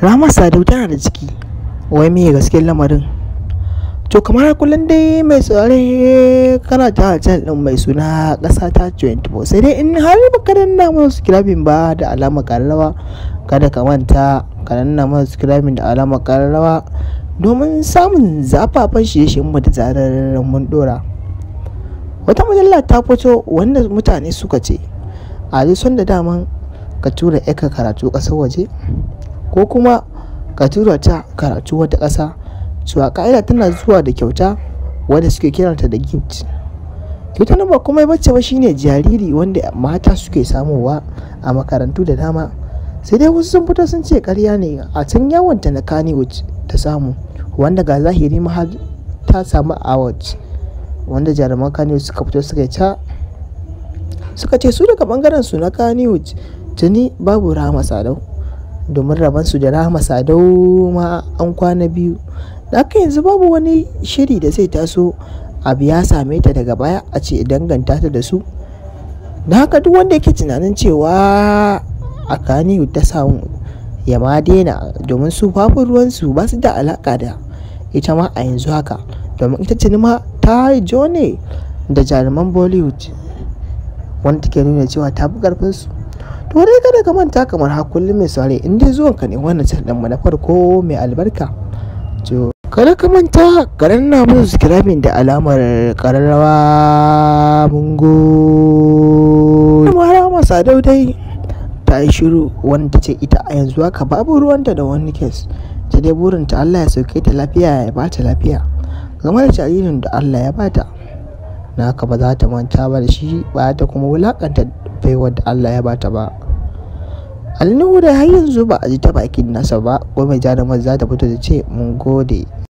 Rama Sadau tana da ciki, wai me gaskiyar lamarin? To kamar kullum dai mai tsare kana ta can ɗin mai suna ƙasa ta 24 sai dai in har baka danna mana subscribing ba da alama ƙararrawa kada ka manta ka danna mana subscribing da alama ƙararrawa domin samun zafafan shirye-shiryen mu da zarar mun dora. Wata mujalla ta fito wanda mutane suka ce, a da daman ka tura 'yarka karatu ƙasar waje ko kuma ka tura ta karatu wata ƙasa cewa a ƙa'ida tana zuwa da kyauta wanda suke kiranta da gift kyauta na ba komai bacce ba shine jariri wanda mata suke samowa a makarantu da dama sai dai wasu sun fito sun ce karya ne a can yawon ta na kaniwood ta samu wanda ga zahiri ma har ta samu award wanda jaruman kaniwood suka fito suka ta suka ce su daga bangaren su na kaniwood tuni babu rama sadau domin su da rahama sadau ma an kwana biyu da haka yanzu babu wani shiri da zai taso abu ya same ta daga baya a ce danganta ta da su da haka duk wanda yake tunanin cewa a kaniyu ta samu ya ma daina domin su babu ruwansu ba su da alaka da ita ma a yanzu haka domin ita ce ma ta jone da jaruman bollywood wanda take nuna cewa ta fi karfinsu to dai kada ka manta kamar ha kullum mai saurari in dai zuwan ka ne wannan channel mu na farko mai albarka to kada ka manta ka danna mun subscribing da alamar kararrawa mun go Marama Sadau dai ta yi shiru wanda ce ita a yanzu haka babu ruwanta da wani kes ta dai burinta Allah ya sauke ta lafiya ya ba ta lafiya game da jaririn da Allah ya bata na haka ba za ta manta ba da shi ba ta kuma wulakanta baiwar da Allah ya bata ba alnuhu da har yanzu ba a ji ta bakin nasa ba kuma jarumar za ta fito da ce mun gode